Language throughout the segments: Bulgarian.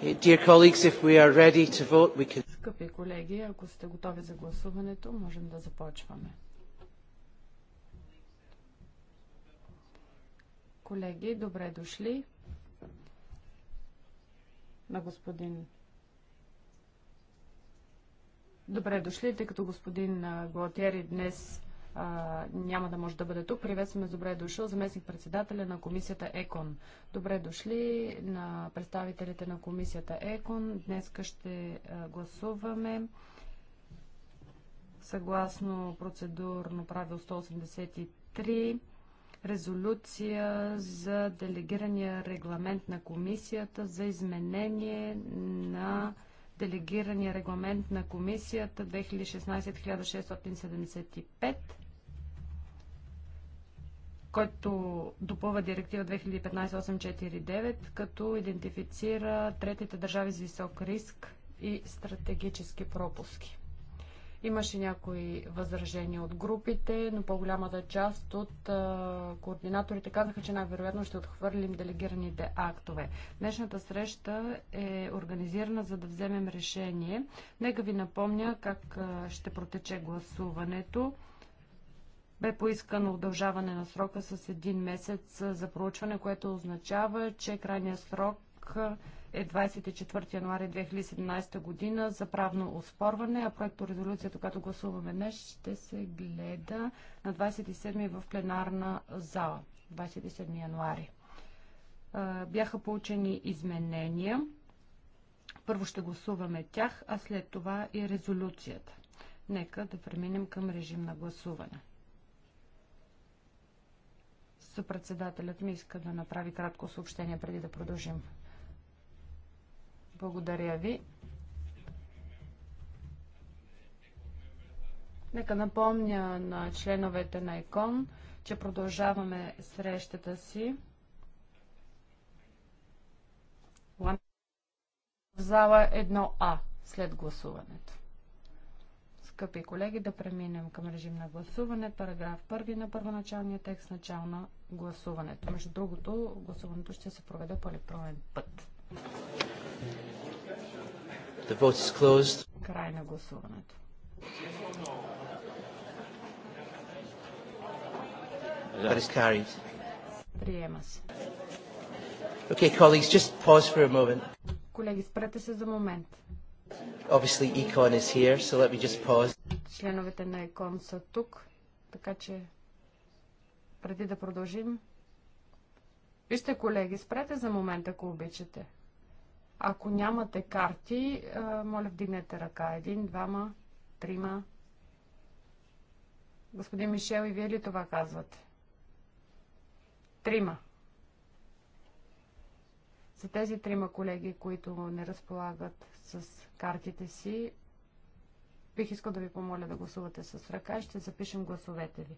Скъпи колеги, ако сте готови за гласуването, можем да започваме. Колеги, добре дошли на господин Добре дошли, тъй като господин Глотери днес а, няма да може да бъде тук. Приветстваме добре дошъл заместник председателя на комисията ЕКОН. Добре дошли на представителите на комисията ЕКОН. Днес ще гласуваме съгласно процедурно правил 183 резолюция за делегирания регламент на комисията за изменение на делегирания регламент на комисията 2016-1675, който допълва директива 2015-849, като идентифицира третите държави с висок риск и стратегически пропуски. Имаше някои възражения от групите, но по-голямата част от а, координаторите казаха, че най-вероятно ще отхвърлим делегираните актове. Днешната среща е организирана за да вземем решение. Нека ви напомня как а, ще протече гласуването. Бе поискано удължаване на срока с един месец за проучване, което означава, че крайният срок а, е 24 януари 2017 година за правно оспорване, а проекто резолюцията, която гласуваме днес, ще се гледа на 27 в пленарна зала. 27 януари. Бяха получени изменения. Първо ще гласуваме тях, а след това и резолюцията. Нека да преминем към режим на гласуване. Съпредседателят ми иска да направи кратко съобщение преди да продължим. Благодаря ви. Нека напомня на членовете на ЕКОН, че продължаваме срещата си в зала 1А след гласуването. Скъпи колеги, да преминем към режим на гласуване. Параграф 1 на първоначалния текст, начало на гласуването. Между другото, гласуването ще се проведе по електронен път. The vote is closed. Край на гласуването. That is carried. Приема се. Okay, colleagues, just pause for a moment. Колеги, спрете се за момент. Obviously, Econ is here, so let me just pause. Членовете на Econ са тук, така че преди да продължим, вижте, колеги, спрете за момент, ако обичате. Ако нямате карти, моля вдигнете ръка. Един, двама, трима. Господин Мишел, и вие ли това казвате? Трима. За тези трима колеги, които не разполагат с картите си, бих искал да ви помоля да гласувате с ръка и ще запишем гласовете ви.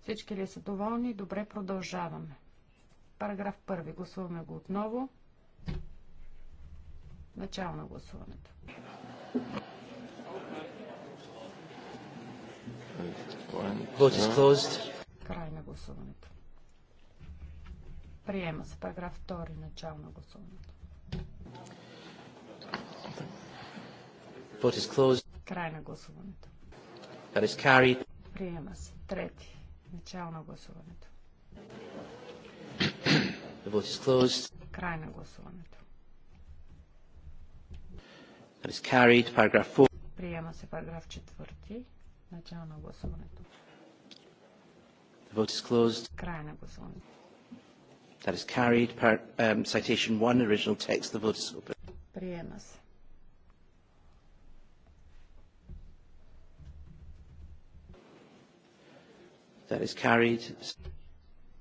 Всички ли са доволни? Добре, продължаваме. Параграф 1. Гласуваме го отново. Начало на гласуването. Край на гласуването. Приема се параграф 2. Начало на гласуването. Край на гласуването. Приема се. Трети. Начало на гласуването. Край на гласуването. That is carried. Paragraph 4. Приема се параграф 4. Начало на гласуването. The vote is closed. Края на гласуването. That is carried. Par, um, citation 1, original text. The vote is open. Приема се. That is carried.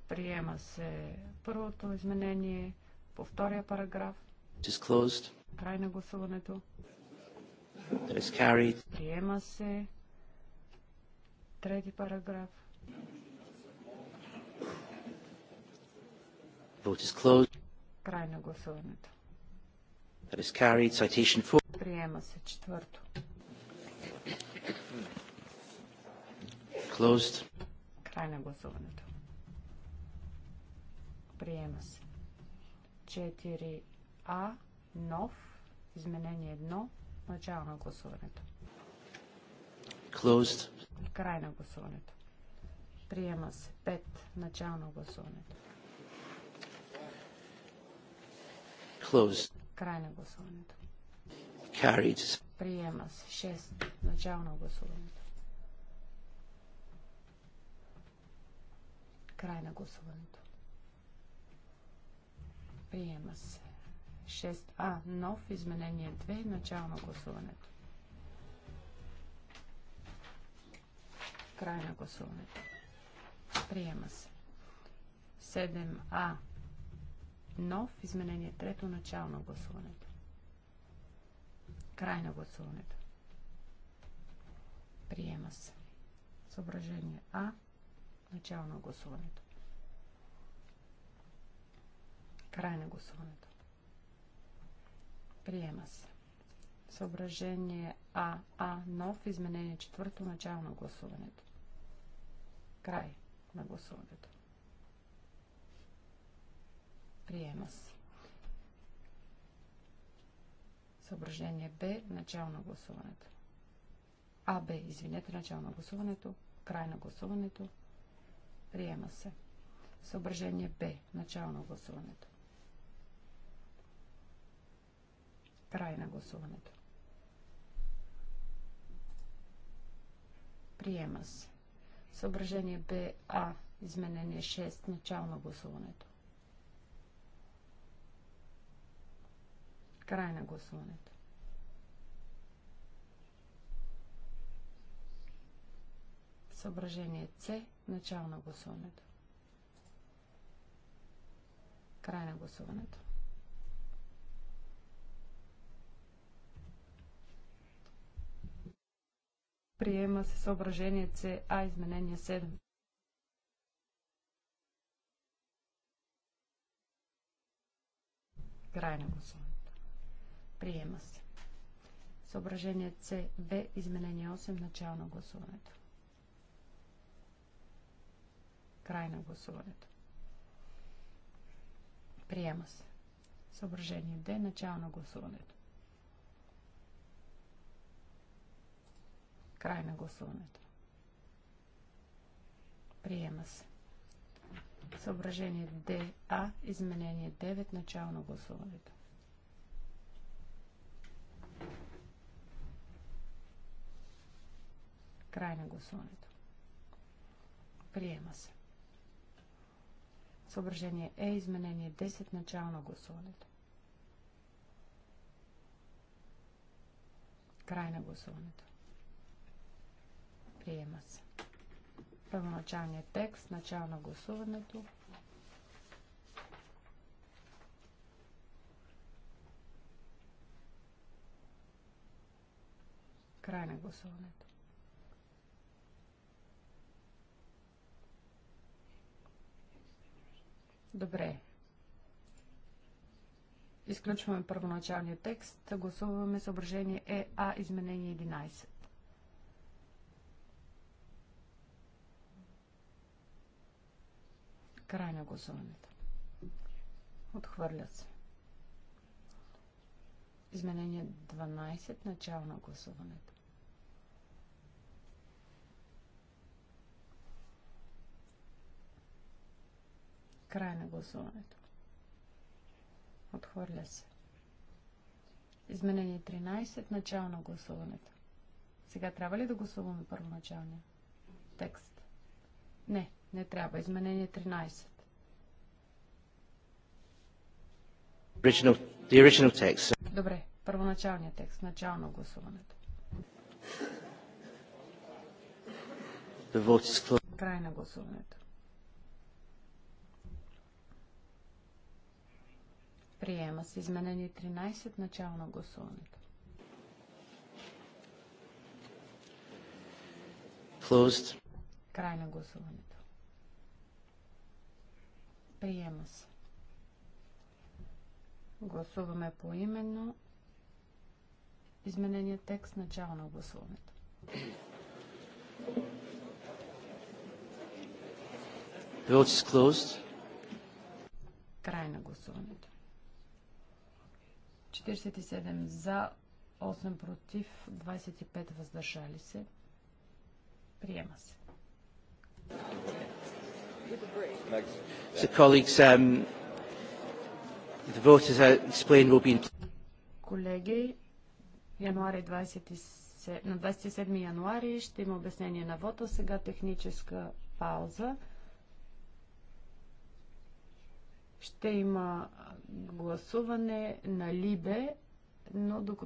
Приема се първото изменение по втория параграф. It is closed. Край на гласуването. Приема се. Трети параграф. Край на гласуването. Приема се. Четвърто. Closed. Край на гласуването. Приема се. 4А. Нов. Изменение 1. Начало на гласуването. Closed. Край на гласуването. Приема се 5. Начало на гласуването. Closed. Край на гласуването. Carried. Приема се 6. Начало на гласуването. Край на гласуването. Приема се 6А, нов, изменение 2, начало на гласуването. Край на гласуването. Приема се. 7А, нов, изменение 3, начало на гласуването. Край на гласуването. Приема се. Съображение А, начало на гласуването. Край на гласуването. Приема се. Съображение АА нов, изменение четвърто, начало на гласуването. Край на гласуването. Приема се. Съображение Б, начало на гласуването. АБ, извинете, начало на гласуването, край на гласуването. Приема се. Съображение Б, начало на гласуването. Край на гласуването. Приема се. Съображение БА. Изменение 6. Начало на гласуването. Край на гласуването. Съображение С. Начало на гласуването. Край на гласуването. Приема се съображение а изменение 7. Край на гласуването. Приема се. Съображение С, В, изменение 8, начало на гласуването. Край на гласуването. Приема се. Съображение Д, начало на гласуването. Край на гласуването. Приема се. Съображение ДА, изменение 9, начало на гласуването. Край на гласуването. Приема се. Съображение Е, изменение 10, начало на гласуването. Край на гласуването. Приема се. Първоначалният текст, начало на гласуването. Край на гласуването. Добре. Изключваме първоначалния текст. Гласуваме съображение ЕА изменение 11. Край на гласуването. Отхвърля се. Изменение 12. Начало на гласуването. Край на гласуването. Отхвърля се. Изменение 13. Начало на гласуването. Сега трябва ли да гласуваме първоначалния текст? Не. Не трябва. Изменение 13. Original, the original text. Добре, първоначалният текст, начално гласуването. The vote is closed. Край на гласуването. Приема се изменение 13, начало на гласуването. Closed. Край на гласуването. Приема се. Гласуваме поименно изменения текст, начало на гласуването. The vote is closed. Край на гласуването. 47 за, 8 против, 25 въздържали се. Приема се. So colleagues, um, the vote, as I explained, will be in... Колеги, януари 27, на 27 януари ще има обяснение на вота. Сега техническа пауза. Ще има гласуване на Либе, но докато